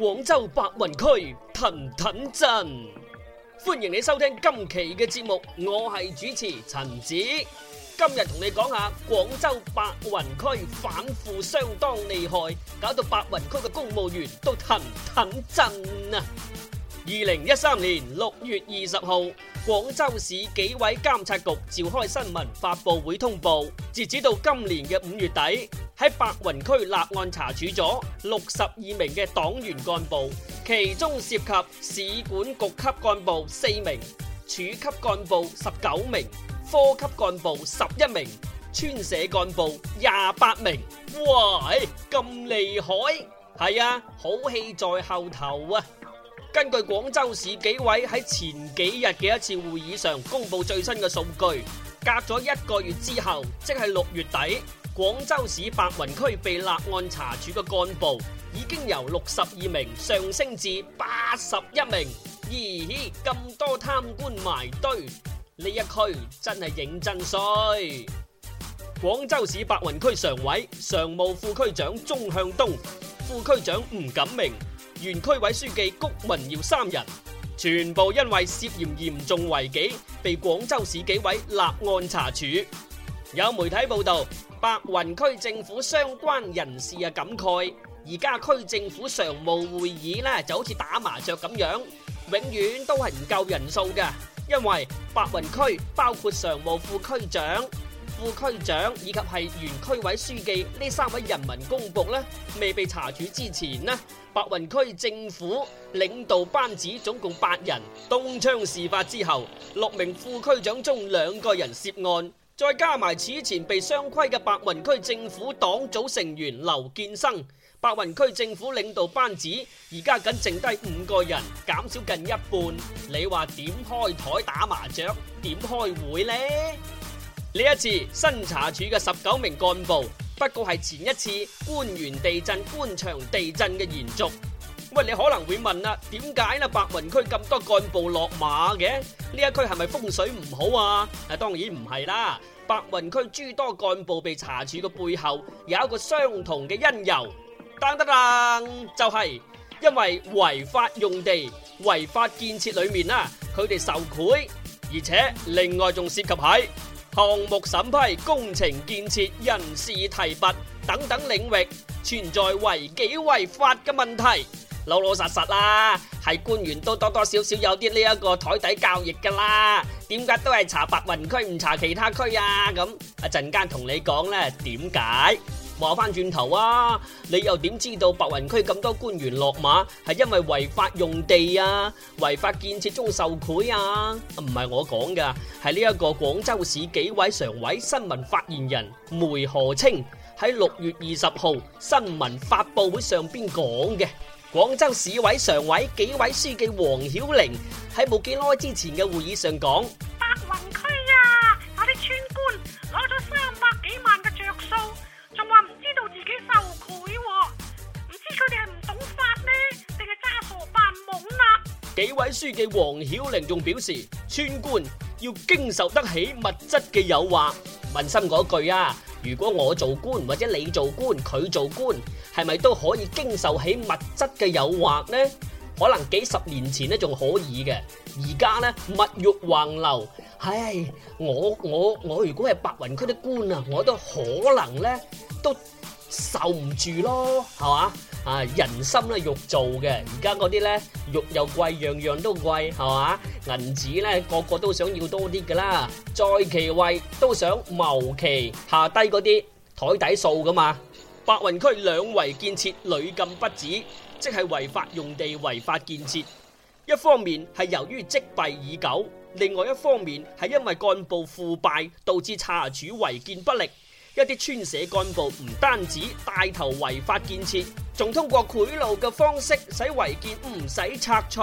廣州白雲區騰騰震，歡迎你收聽今期嘅節目，我係主持陳子，今日同你講下廣州白雲區反腐相當厲害，搞到白雲區嘅公務員都騰騰震啊！二零一三年六月二十號，廣州市紀委監察局召開新聞發布會，通報：截止到今年嘅五月底，喺白雲區立案查處咗六十二名嘅黨員幹部，其中涉及市管局級幹部四名、處級幹部十九名、科級幹部十一名、村社幹部廿八名。哇！咁厲害，係啊，好戲在後頭啊！根據廣州市紀委喺前幾日嘅一次會議上公布最新嘅數據，隔咗一個月之後，即係六月底，廣州市白雲區被立案查處嘅幹部已經由六十二名上升至八十一名。咦，咦，咁多貪官埋堆，呢一區真係認真衰。廣州市白雲區常委、常務副區長鍾向東、副區長吳錦明、原區委書記谷文耀三人，全部因為涉嫌嚴重違紀，被廣州市紀委立案查處。有媒體報道，白雲區政府相關人士啊感慨：而家區政府常務會議呢，就好似打麻雀咁樣，永遠都係唔夠人數嘅，因為白雲區包括常務副區長、副區長以及係原區委書記呢三位人民公僕呢，未被查處之前呢？白雲區政府領導班子總共八人，東窗事發之後，六名副區長中兩個人涉案，再加埋此前被雙規嘅白雲區政府黨組成員劉建生，白雲區政府領導班子而家僅剩低五個人，減少近一半。你話點開台打麻將，點開會呢？呢一次新查處嘅十九名幹部。不過係前一次官員地震，官場地震嘅延續。喂，你可能會問啦，點解呢？白雲區咁多幹部落馬嘅？呢一區係咪風水唔好啊？啊，當然唔係啦。白雲區諸多幹部被查處嘅背後有一個相同嘅因由，噔噔噔，就係、是、因為違法用地、違法建設裏面啦，佢哋受賄，而且另外仲涉及喺。項目審批、工程建設、人事提拔等等領域存在違紀違法嘅問題。老老實實啦，係官員都多多少少有啲呢一個台底交易噶啦點解都係查白雲區唔查其他區啊？咁，一陣間同你講咧，點解？話翻轉頭啊，你又點知道白雲區咁多官員落馬係因為違法用地啊，違法建設中受賄啊？唔係我講噶，係呢一個廣州市紀委常委新聞發言人梅河清喺六月二十號新聞發布會上邊講嘅。廣州市委常委、紀委書記王曉玲喺冇幾耐之前嘅會議上講。紀委書記王曉玲仲表示，村官要經受得起物質嘅誘惑。問心嗰句啊，如果我做官或者你做官，佢做官，係咪都可以經受起物質嘅誘惑呢？可能幾十年前咧仲可以嘅，而家呢，物欲橫流，唉，我我我如果係白雲區的官啊，我都可能呢，都受唔住咯，係嘛？啊！人心咧，肉做嘅，而家嗰啲呢，肉又貴，樣樣都貴，係嘛，銀紙呢個個都想要多啲噶啦，在其位都想謀其下低嗰啲台底數噶嘛。白雲區兩違建設屢禁不止，即係違法用地、違法建設。一方面係由於積弊已久，另外一方面係因為幹部腐敗，導致查處違建不力。一啲村社幹部唔單止帶頭違法建設。仲通過賄賂嘅方式使違建唔使拆除，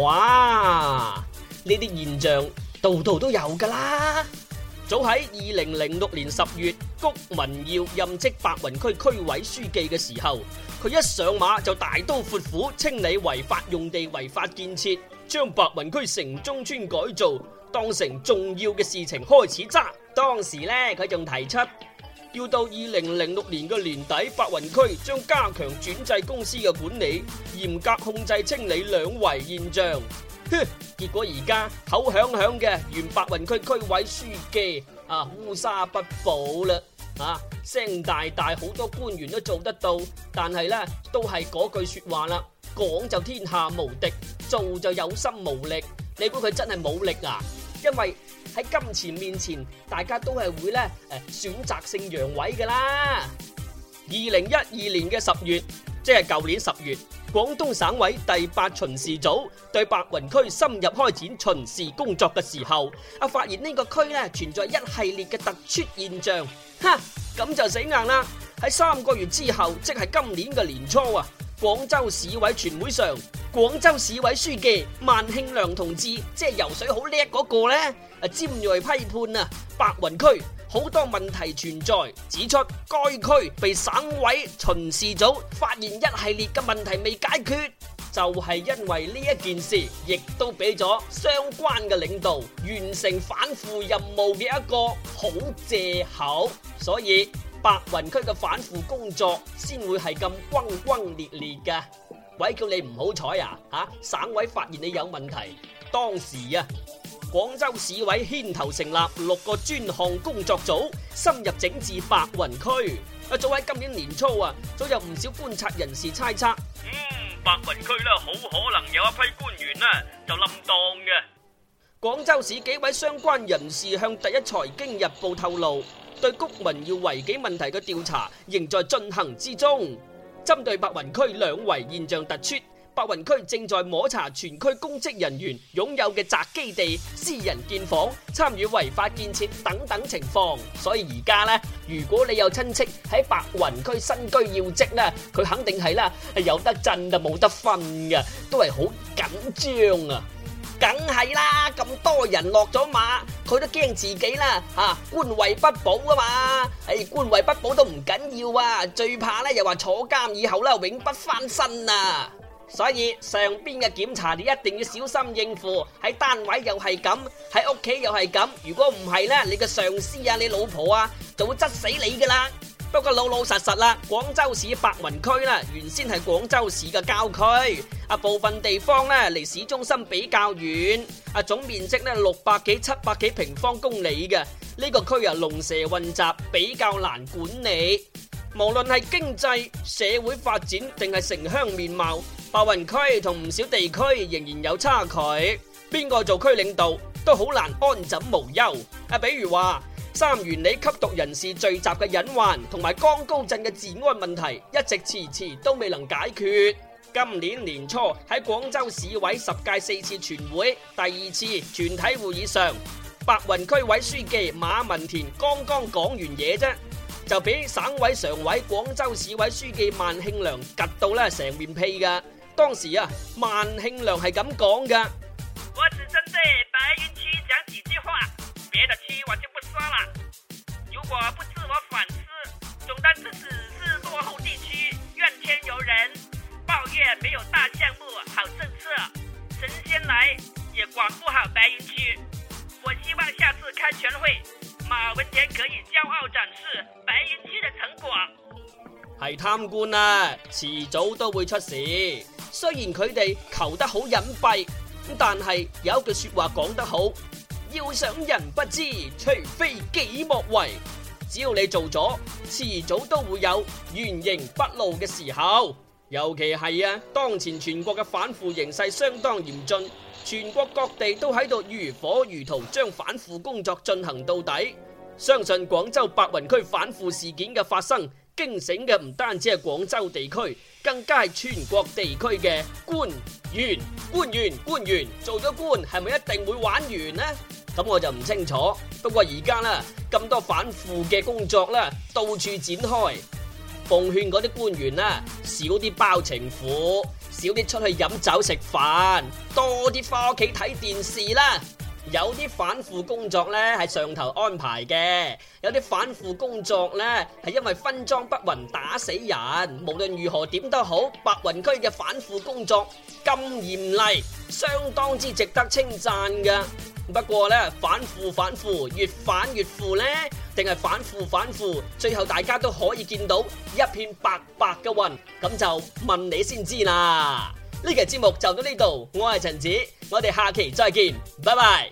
哇！呢啲現象度度都有噶啦。早喺二零零六年十月，谷文耀任職白雲區區委書記嘅時候，佢一上馬就大刀闊斧清理違法用地、違法建設，將白雲區城中村改造當成重要嘅事情開始揸。當時咧，佢仲提出。要到二零零六年嘅年底，白雲區將加強轉制公司嘅管理，嚴格控制清理兩違現象。哼，結果而家口響響嘅原白雲區區委書記啊烏紗不保啦！啊，聲大大，好多官員都做得到，但係呢都係嗰句說話啦，講就天下無敵，做就有心無力。你估佢真係冇力啊？因為。喺金錢面前，大家都係會咧誒選擇性陽痿嘅啦。二零一二年嘅十月，即係舊年十月，廣東省委第八巡視組對白雲區深入開展巡視工作嘅時候，啊發現呢個區咧存在一系列嘅突出現象。哈，咁就死硬啦！喺三個月之後，即係今年嘅年初啊。廣州市委全會上，廣州市委書記萬慶良同志，即係游水好叻嗰個咧，啊尖銳批判啊白雲區好多問題存在，指出該區被省委巡視組發現一系列嘅問題未解決，就係因為呢一件事，亦都俾咗相關嘅領導完成反腐任務嘅一個好借口，所以。白雲區嘅反腐工作先會係咁轟轟烈烈嘅，鬼叫你唔好彩啊！吓，啊，省委發現你有問題，當時啊，廣州市委牽頭成立六個專項工作組，深入整治白雲區。啊，早喺今年年初啊，早有唔少觀察人士猜測，嗯，白雲區咧好可能有一批官員呢就冧檔嘅。廣州市幾位相關人士向《第一財經日報》透露，對谷文耀違紀問題嘅調查仍在進行之中。針對白雲區兩違現象突出，白雲區正在摸查全區公職人員擁有嘅宅基地、私人建房、參與違法建設等等情況。所以而家呢，如果你有親戚喺白雲區身居要職呢，佢肯定係啦，有得震就冇得瞓嘅，都係好緊張啊！梗係啦，咁多人落咗馬，佢都驚自己啦吓、啊，官位不保啊嘛，係、哎、官位不保都唔緊要啊，最怕咧又話坐監以後咧永不翻身啊，所以上邊嘅檢查你一定要小心應付，喺單位又係咁，喺屋企又係咁，如果唔係咧，你嘅上司啊，你老婆啊，就會窒死你噶啦。不過老老實實啦，廣州市白雲區啦，原先係廣州市嘅郊區，啊部分地方咧離市中心比較遠，啊總面積咧六百幾、七百幾平方公里嘅呢個區啊龍蛇混雜，比較難管理。無論係經濟、社會發展定係城鄉面貌，白雲區同唔少地區仍然有差距。邊個做區領導都好難安枕無憂。啊，比如話。三元里吸毒人士聚集嘅隱患同埋江高鎮嘅治安問題，一直遲遲都未能解決。今年年初喺廣州市委十屆四次全會第二次全體會議上，白雲區委書記馬文田剛剛講完嘢啫，就俾省委常委、廣州市委書記萬慶良夾到咧成面屁噶。當時啊，萬慶良係咁講噶。我只我就不說了。如果不自我反思，總當自己是落後地區，怨天尤人，抱怨沒有大項目、好政策，神仙來也管不好白雲區。我希望下次開全會，馬文田可以驕傲展示白雲區的成果。係貪官啊，遲早都會出事。雖然佢哋求得好隱蔽，但係有句說話講得好。要想人不知，除非己莫為。只要你做咗，遲早都會有原形畢露嘅時候。尤其係啊，當前全國嘅反腐形勢相當嚴峻，全國各地都喺度如火如荼將反腐工作進行到底。相信廣州白雲區反腐事件嘅發生，驚醒嘅唔單止係廣州地區，更加係全國地區嘅官員官員官員，官員。做咗官係咪一定會玩完呢？咁我就唔清楚，不過而家呢，咁多反腐嘅工作呢，到處展開，奉勸嗰啲官員呢，少啲包情婦，少啲出去飲酒食飯，多啲返屋企睇電視啦。有啲反腐工作呢，係上頭安排嘅，有啲反腐工作呢，係因為分贓不勻打死人。無論如何點都好，白雲區嘅反腐工作咁嚴厲，相當之值得稱讚㗎。不過咧，反腐反腐，越反越腐。呢定係反腐反腐，最後大家都可以見到一片白白嘅雲，咁就問你先知啦。呢期節目就到呢度，我係陳子，我哋下期再見，拜拜。